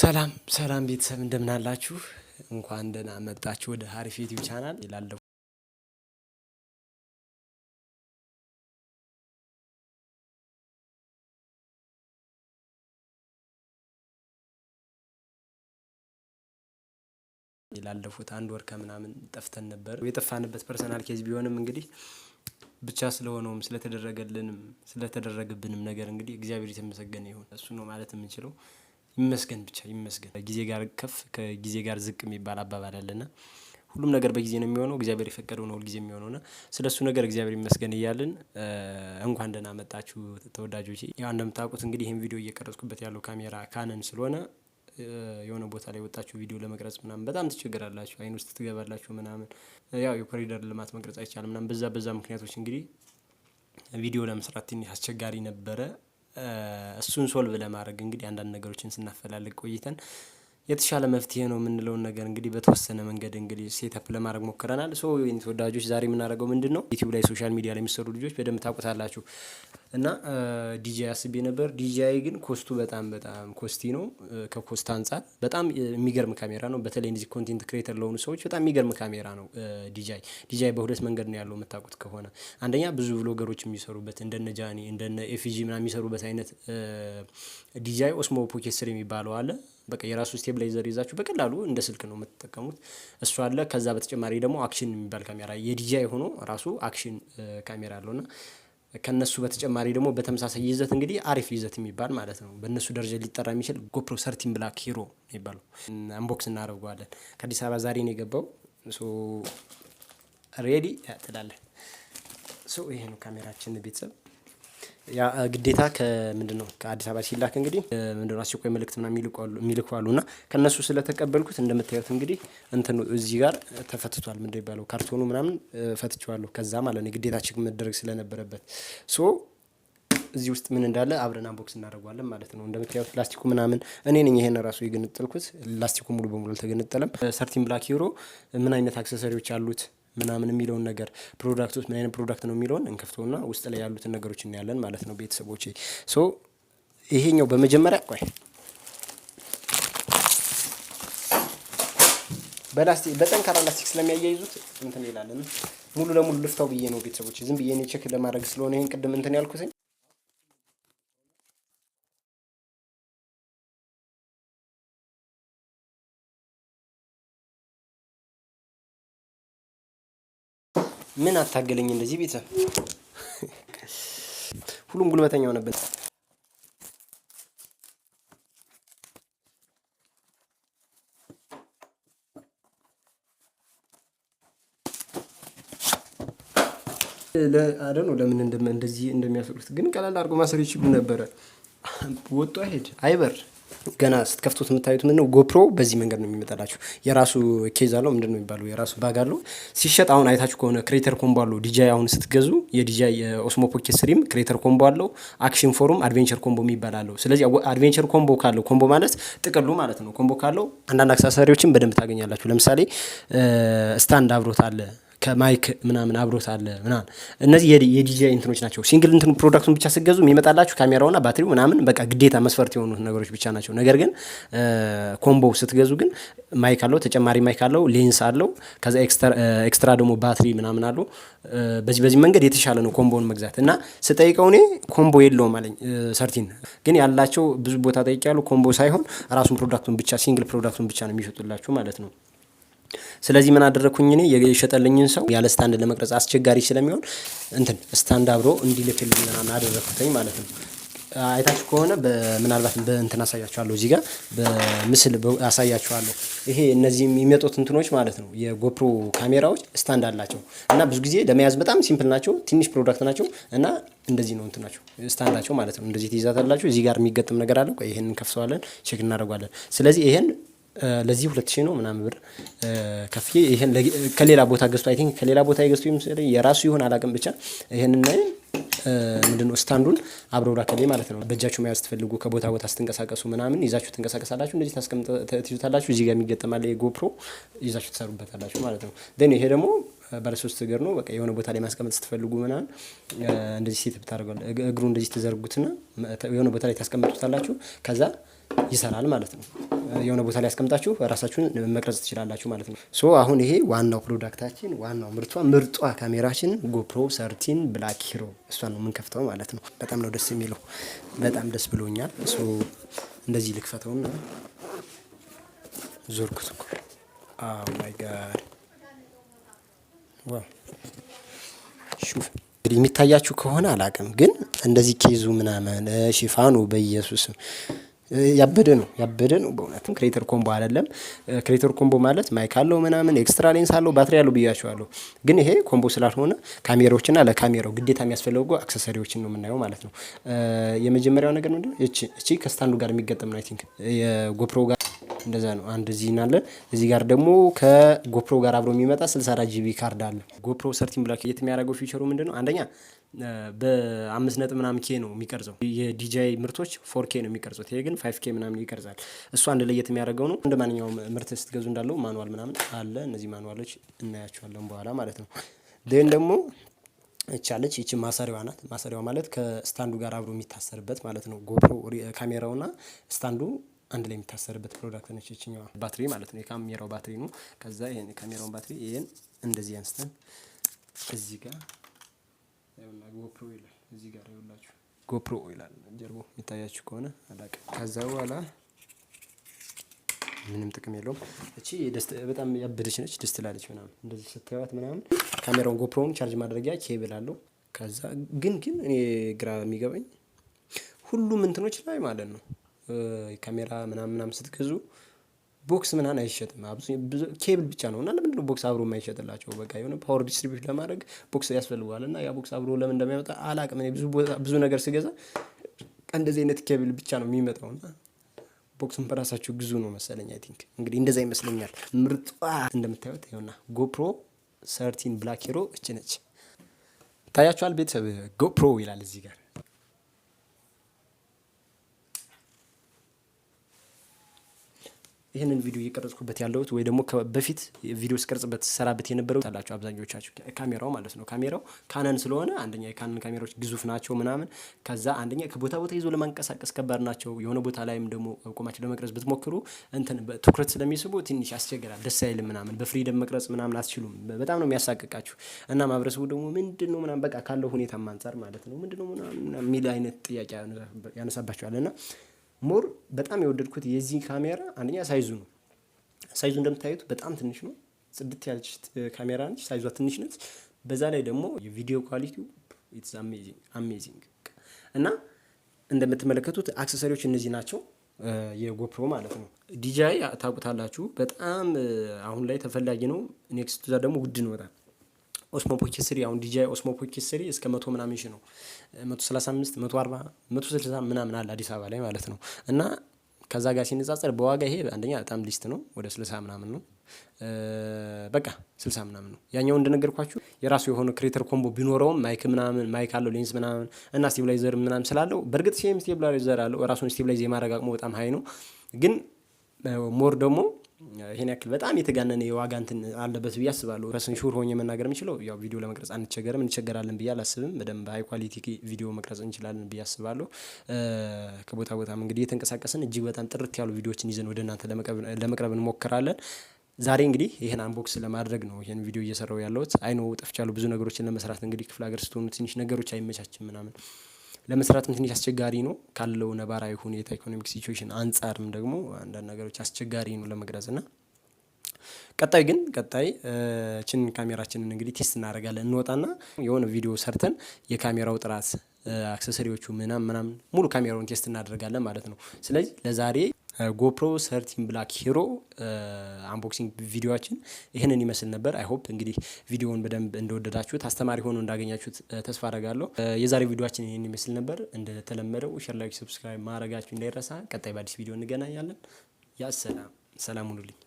ሰላም ሰላም ቤተሰብ እንደምን አላችሁ? እንኳን ደህና መጣችሁ ወደ ሀሪፍ ዩቲዩብ ቻናል ይላለሁ። ላለፉት አንድ ወር ከምናምን ጠፍተን ነበር። የጠፋንበት ፐርሰናል ኬዝ ቢሆንም እንግዲህ ብቻ ስለሆነውም ስለተደረገልንም ስለተደረገብንም ነገር እንግዲህ እግዚአብሔር የተመሰገነ ይሁን። እሱ ነው ማለት የምንችለው። ይመስገን ብቻ ይመስገን። ጊዜ ጋር ከፍ ከጊዜ ጋር ዝቅ የሚባል አባባል አለና ሁሉም ነገር በጊዜ ነው የሚሆነው። እግዚአብሔር የፈቀደው ነው ሁልጊዜ የሚሆነው ስለ ስለሱ ነገር እግዚአብሔር ይመስገን እያልን እንኳን ደህና መጣችሁ ተወዳጆች። ያው እንደምታውቁት እንግዲህ ይህን ቪዲዮ እየቀረጽኩበት ያለው ካሜራ ካነን ስለሆነ የሆነ ቦታ ላይ ወጣችሁ ቪዲዮ ለመቅረጽ ምናምን በጣም ትቸገራላችሁ፣ አይን ውስጥ ትገባላችሁ ምናምን። ያው የኮሪደር ልማት መቅረጽ አይቻልም ምናምን በዛ በዛ ምክንያቶች እንግዲህ ቪዲዮ ለመስራት ትንሽ አስቸጋሪ ነበረ። እሱን ሶልቭ ለማድረግ እንግዲህ አንዳንድ ነገሮችን ስናፈላልግ ቆይተን የተሻለ መፍትሄ ነው የምንለውን ነገር እንግዲህ በተወሰነ መንገድ እንግዲህ ሴተፕ ለማድረግ ሞክረናል። ሶ ተወዳጆች ዛሬ የምናደርገው ምንድን ነው ዩቲዩብ ላይ ሶሻል ሚዲያ ላይ የሚሰሩ ልጆች በደንብ ታውቁታላችሁ። እና ዲጂአይ አስቤ ነበር። ዲጂአይ ግን ኮስቱ በጣም በጣም ኮስቲ ነው። ከኮስት አንጻር በጣም የሚገርም ካሜራ ነው። በተለይ እንደዚህ ኮንቴንት ክሬተር ለሆኑ ሰዎች በጣም የሚገርም ካሜራ ነው ዲጂአይ። ዲጂአይ በሁለት መንገድ ነው ያለው የምታውቁት ከሆነ አንደኛ ብዙ ብሎገሮች የሚሰሩበት እንደነ ጃኒ እንደነ ኤፊጂ ምናምን የሚሰሩበት አይነት ዲጂአይ ኦስሞ ፖኬት ስር የሚባለው አለ በቃ የራሱ ስቴብላይዘር ይዛችሁ በቀላሉ እንደ ስልክ ነው የምትጠቀሙት። እሱ አለ። ከዛ በተጨማሪ ደግሞ አክሽን የሚባል ካሜራ የዲጃይ ሆኖ ራሱ አክሽን ካሜራ አለውና ከነሱ በተጨማሪ ደግሞ በተመሳሳይ ይዘት እንግዲህ አሪፍ ይዘት የሚባል ማለት ነው። በእነሱ ደረጃ ሊጠራ የሚችል ጎፕሮ ሰርቲን ብላክ ሂሮ የሚባለው አንቦክስ እናደርገዋለን። ከአዲስ አበባ ዛሬ ነው የገባው። ሬዲ ትላለን። ይሄ ነው ካሜራችን ቤተሰብ ያ ግዴታ ከምንድን ነው ከአዲስ አበባ ሲላክ እንግዲህ ምንድነው አስቸኳይ መልእክት ምናምን የሚልኩ አሉ እና ከእነሱ ስለተቀበልኩት እንደምታዩት እንግዲህ እንትኑ እዚህ ጋር ተፈትቷል። ምንድ ይባለው ካርቶኑ ምናምን ፈትቼዋለሁ። ከዛ ማለት ነው ግዴታ ቼክ መደረግ ስለነበረበት ሶ እዚህ ውስጥ ምን እንዳለ አብረን አንቦክስ እናደርገዋለን ማለት ነው። እንደምታዩት ላስቲኩ ምናምን እኔ ነኝ ይሄን ራሱ የገነጠልኩት። ላስቲኩ ሙሉ በሙሉ አልተገነጠለም። ሰርቲን ብላክ ሂሮ ምን አይነት አክሰሰሪዎች አሉት ምናምን የሚለውን ነገር ፕሮዳክት ውስጥ ምን አይነት ፕሮዳክት ነው የሚለውን እንከፍተውና ውስጥ ላይ ያሉትን ነገሮች እናያለን ማለት ነው ቤተሰቦች ሶ ይሄኛው በመጀመሪያ ቆይ በጠንካራ ላስቲክ ስለሚያያይዙት እንትን ይላለን። ሙሉ ለሙሉ ልፍታው ብዬ ነው ቤተሰቦች፣ ዝም ብዬ ቼክ ለማድረግ ስለሆነ ይህን ቅድም እንትን ያልኩትኝ ምን አታገለኝ እንደዚህ ቤተሰብ ሁሉም ጉልበተኛ ሆነብን። አደ ነው ለምን እንደዚህ እንደሚያፈቅሩት ግን ቀላል አድርጎ ማሰር ይችሉ ነበረ። ወጡ አይሄድ አይበር ገና ስትከፍቱት የምታዩት ምንድነው ጎፕሮ በዚህ መንገድ ነው የሚመጣላችሁ። የራሱ ኬዝ አለው፣ ምንድን ነው የሚባለው? የራሱ ባግ አለው። ሲሸጥ አሁን አይታችሁ ከሆነ ክሬተር ኮምቦ አለው። ዲጃይ አሁን ስትገዙ የዲጃይ የኦስሞ ፖኬት ስሪም ክሬተር ኮምቦ አለው። አክሽን ፎሩም አድቬንቸር ኮምቦ የሚባል አለው። ስለዚህ አድቬንቸር ኮምቦ ካለው ኮምቦ ማለት ጥቅሉ ማለት ነው። ኮምቦ ካለው አንዳንድ አክሰሰሪዎችን በደንብ ታገኛላችሁ። ለምሳሌ ስታንድ አብሮት አለ ከማይክ ምናምን አብሮት አለ ምናምን። እነዚህ የዲጂአይ እንትኖች ናቸው። ሲንግል እንትኑ ፕሮዳክቱን ብቻ ስገዙ የሚመጣላችሁ ካሜራውና ባትሪው ምናምን በቃ ግዴታ መስፈርት የሆኑት ነገሮች ብቻ ናቸው። ነገር ግን ኮምቦ ስትገዙ ግን ማይክ አለው፣ ተጨማሪ ማይክ አለው፣ ሌንስ አለው፣ ከዛ ኤክስትራ ደግሞ ባትሪ ምናምን አለው። በዚህ በዚህ መንገድ የተሻለ ነው ኮምቦን መግዛት እና ስጠይቀው እኔ ኮምቦ የለውም አለኝ። ሰርቲን ግን ያላቸው ብዙ ቦታ ጠይቄያለሁ። ኮምቦ ሳይሆን ራሱን ፕሮዳክቱን ብቻ ሲንግል ፕሮዳክቱን ብቻ ነው የሚሸጡላችሁ ማለት ነው። ስለዚህ ምን አደረግኩኝ እኔ የሸጠልኝን ሰው ያለ ስታንድ ለመቅረጽ አስቸጋሪ ስለሚሆን እንትን ስታንድ አብሮ እንዲልክልኝ ምናምን አደረግኩትኝ ማለት ነው። አይታችሁ ከሆነ ምናልባት በእንትን አሳያችኋለሁ፣ እዚህ ጋር በምስል አሳያችኋለሁ። ይሄ እነዚህ የሚመጡት እንትኖች ማለት ነው የጎፕሮ ካሜራዎች ስታንድ አላቸው እና ብዙ ጊዜ ለመያዝ በጣም ሲምፕል ናቸው፣ ትንሽ ፕሮዳክት ናቸው እና እንደዚህ ነው እንትናቸው ስታንዳቸው ማለት ነው። እንደዚህ ትይዛታላችሁ። እዚህ ጋር የሚገጥም ነገር አለ። ይህን እንከፍሰዋለን፣ ቼክ እናደርጓለን። ስለዚህ ይሄን ለዚህ ሁለት ሺህ ነው ምናምን ብር ከፍዬ ይሄን ከሌላ ቦታ ገዝቶ አይ ቲንክ ከሌላ ቦታ የገዝቶ ይመስለኝ የራሱ ይሆን አላውቅም። ብቻ ይሄንን ና ምንድን ነው ስታንዱን አብረው ላከሌ ማለት ነው። በእጃችሁ መያዝ ትፈልጉ ከቦታ ቦታ ስትንቀሳቀሱ ምናምን ይዛችሁ ትንቀሳቀሳላችሁ። እንደዚህ ታስቀምጥትይዙታላችሁ። እዚህ ጋር የሚገጠማለ የጎፕሮ ይዛችሁ ትሰሩበታላችሁ ማለት ነው። ን ይሄ ደግሞ ባለሶስት እግር ነው። በቃ የሆነ ቦታ ላይ ማስቀመጥ ስትፈልጉ ምናምን እንደዚህ ሴት ብታደርጓል። እግሩ እንደዚህ ተዘርጉትና የሆነ ቦታ ላይ ታስቀምጡታላችሁ ከዛ ይሰራል ማለት ነው። የሆነ ቦታ ላይ ያስቀምጣችሁ ራሳችሁን መቅረጽ ትችላላችሁ ማለት ነው። ሶ አሁን ይሄ ዋናው ፕሮዳክታችን ዋናው ምርቷ ምርጧ ካሜራችን ጎፕሮ ሰርቲን ብላክ ሂሮ እሷ ነው የምንከፍተው ማለት ነው። በጣም ነው ደስ የሚለው። በጣም ደስ ብሎኛል። ሶ እንደዚህ ልክፈተውና ዞርኩት እኮ ማይ ጋድ ሹፍ እንግዲህ የሚታያችሁ ከሆነ አላቅም፣ ግን እንደዚህ ኬዙ ምናምን ሽፋኑ በኢየሱስም ያበደ ነው ያበደ ነው በእውነትም ክሬተር ኮምቦ አይደለም። ክሬተር ኮምቦ ማለት ማይክ አለው ምናምን ኤክስትራ ሌንስ አለው ባትሪ አለው ብያቸዋለሁ። ግን ይሄ ኮምቦ ስላልሆነ ካሜራዎችና ለካሜራው ግዴታ የሚያስፈልጉ አክሰሰሪዎችን ነው የምናየው ማለት ነው። የመጀመሪያው ነገር ምንድ ነው? እቺ ከስታንዱ ጋር የሚገጠም ነው አይ ቲንክ የጎፕሮ ጋር እንደዛ ነው። አንድ እዚህ ናለ እዚህ ጋር ደግሞ ከጎፕሮ ጋር አብሮ የሚመጣ 64 ጂቢ ካርድ አለ። ጎፕሮ ሰርቲን ብላክ የት የሚያደርገው ፊቸሩ ምንድን ነው? አንደኛ በአምስት ነጥብ ምናምን ኬ ነው የሚቀርጸው። የዲጂአይ ምርቶች ፎር ኬ ነው የሚቀርጹት። ይሄ ግን ፋይቭ ኬ ምናምን ይቀርጻል። እሱ አንድ ለየት የሚያደርገው ነው። እንደ ማንኛውም ምርት ስትገዙ እንዳለው ማንዋል ምናምን አለ። እነዚህ ማኑዋሎች እናያቸዋለን በኋላ ማለት ነው። ን ደግሞ ይቻለች ይቺ ማሰሪያዋ ናት። ማሰሪያዋ ማለት ከስታንዱ ጋር አብሮ የሚታሰርበት ማለት ነው። ጎፕሮ ካሜራውና ስታንዱ አንድ ላይ የሚታሰርበት ፕሮዳክት ነች። ይችኛዋ ባትሪ ማለት ነው። የካሜራው ባትሪ ነው። ከዛ ካሜራውን ባትሪ ይሄን እንደዚህ አንስተን እዚህ ጋር ጎፕሮ ይላል እዚህ ጋር ይውላችሁ ጎፕሮ ይላል ጀርቦ የሚታያችሁ ከሆነ አላውቅም። ከዛ በኋላ ምንም ጥቅም የለውም። እቺ በጣም ያበደች ነች፣ ደስ ትላለች ምናምን እንደዚህ ስታዩት ምናምን። ካሜራውን ጎፕሮውን ቻርጅ ማድረጊያ ኬብል አለው። ከዛ ግን ግን እኔ ግራ የሚገባኝ ሁሉም እንትኖች ላይ ማለት ነው ካሜራ ምናምን ምናምን ስትገዙ ቦክስ ምናን አይሸጥም፣ ኬብል ብቻ ነው። እና ለምንድነው ቦክስ አብሮ የማይሸጥላቸው? በቃ የሆነ ፓወር ዲስትሪቢዩት ለማድረግ ቦክስ ያስፈልገዋል። እና ያ ቦክስ አብሮ ለምን እንደሚያመጣ አላቅም። ብዙ ነገር ስገዛ እንደዚህ አይነት ኬብል ብቻ ነው የሚመጣው። እና ቦክሱን በራሳችሁ ግዙ ነው መሰለኝ። አይ ቲንክ እንግዲህ እንደዛ ይመስለኛል። ምርጧ እንደምታዩት ይኸውና ጎፕሮ ሰርቲን ብላክ ሂሮ እች ነች። ታያችኋል ቤተሰብ። ጎፕሮ ይላል እዚህ ጋር ይህንን ቪዲዮ እየቀረጽኩበት ያለሁት ወይ ደግሞ በፊት ቪዲዮ ስቀርጽበት ሰራበት የነበረው ታላቸው አብዛኞቻቸው ካሜራው ማለት ነው። ካሜራው ካነን ስለሆነ አንደኛ የካነን ካሜራዎች ግዙፍ ናቸው ምናምን። ከዛ አንደኛ ከቦታ ቦታ ይዞ ለማንቀሳቀስ ከባድ ናቸው። የሆነ ቦታ ላይም ደግሞ ቆማቸው ለመቅረጽ ብትሞክሩ እንትን ትኩረት ስለሚስቡ ትንሽ ያስቸግራል፣ ደስ አይልም ምናምን። በፍሪደም መቅረጽ ምናምን አትችሉም። በጣም ነው የሚያሳቅቃችሁ እና ማህበረሰቡ ደግሞ ምንድን ነው ምናምን በቃ ካለው ሁኔታ አንጻር ማለት ነው ምንድን ነው ምናምን የሚል አይነት ጥያቄ ያነሳባቸዋል እና ሞር በጣም የወደድኩት የዚህ ካሜራ አንደኛ ሳይዙ ነው። ሳይዙ እንደምታዩት በጣም ትንሽ ነው። ጽድት ያለች ካሜራ ነች። ሳይዟ ትንሽ ነች። በዛ ላይ ደግሞ የቪዲዮ ኳሊቲው ኢትስ አሜዚንግ እና እንደምትመለከቱት አክሰሰሪዎች እነዚህ ናቸው። የጎፕሮ ማለት ነው። ዲጃይ ታውቁታላችሁ። በጣም አሁን ላይ ተፈላጊ ነው። ኔክስት ዛ ደግሞ ውድ ነው በጣም ኦስሞ ፖኬት ስሪ አሁን ዲጂአይ ኦስሞ ፖኬት ስሪ እስከ መቶ ምናምን ሺ ነው። መቶ ሰላሳ አምስት መቶ አርባ መቶ ስልሳ ምናምን አለ አዲስ አበባ ላይ ማለት ነው። እና ከዛ ጋር ሲነጻጸር በዋጋ ይሄ አንደኛ በጣም ሊስት ነው፣ ወደ ስልሳ ምናምን ነው በቃ ስልሳ ምናምን ነው። ያኛው እንደነገርኳችሁ የራሱ የሆነ ክሬተር ኮምቦ ቢኖረውም ማይክ ምናምን ማይክ አለው ሌንስ ምናምን እና ስቴብላይዘር ምናምን ስላለው በእርግጥ ሲም ስቴብላይዘር አለው ራሱን ስቴብላይዝ የማድረግ አቅሙ በጣም ሀይ ነው ግን ሞር ደግሞ ይሄን ያክል በጣም የተጋነነ የዋጋ እንትን አለበት ብዬ አስባለሁ። ፐርሰን ሹር ሆኜ መናገር የምችለው ያው ቪዲዮ ለመቅረጽ አንቸገርም እንቸገራለን ብዬ አላስብም። በደንብ ሀይ ኳሊቲ ቪዲዮ መቅረጽ እንችላለን ብዬ አስባለሁ። ከቦታ ቦታም እንግዲህ የተንቀሳቀስን እጅግ በጣም ጥርት ያሉ ቪዲዮዎችን ይዘን ወደ እናንተ ለመቅረብ እንሞክራለን። ዛሬ እንግዲህ ይህን አንቦክስ ለማድረግ ነው ይህን ቪዲዮ እየሰራው ያለሁት። አይኖ ጠፍቻሉ ብዙ ነገሮችን ለመስራት እንግዲህ ክፍለ ሀገር ስትሆኑ ትንሽ ነገሮች አይመቻችም ምናምን ለመስራትም ትንሽ አስቸጋሪ ነው ካለው ነባራዊ ሁኔታ ኢኮኖሚክ ሲቹዌሽን አንጻርም ደግሞ አንዳንድ ነገሮች አስቸጋሪ ነው ለመግለጽ እና ቀጣይ ግን ቀጣይ ችን ካሜራችንን እንግዲህ ቴስት እናደርጋለን። እንወጣና የሆነ ቪዲዮ ሰርተን የካሜራው ጥራት አክሰሰሪዎቹ ምናም ምናምን ሙሉ ካሜራውን ቴስት እናደርጋለን ማለት ነው። ስለዚህ ለዛሬ ጎፕሮ ሰርቲን ብላክ ሂሮ አንቦክሲንግ ቪዲዮችን ይህንን ይመስል ነበር። አይ ሆፕ እንግዲህ ቪዲዮውን በደንብ እንደወደዳችሁት አስተማሪ ሆኖ እንዳገኛችሁት ተስፋ አደርጋለሁ። የዛሬ ቪዲዮችን ይህን ይመስል ነበር። እንደተለመደው ሸር፣ ላይክ፣ ሰብስክራይብ ማድረጋችሁ እንዳይረሳ። ቀጣይ በአዲስ ቪዲዮ እንገናኛለን። ያሰላም ሰላም ሁኑልኝ።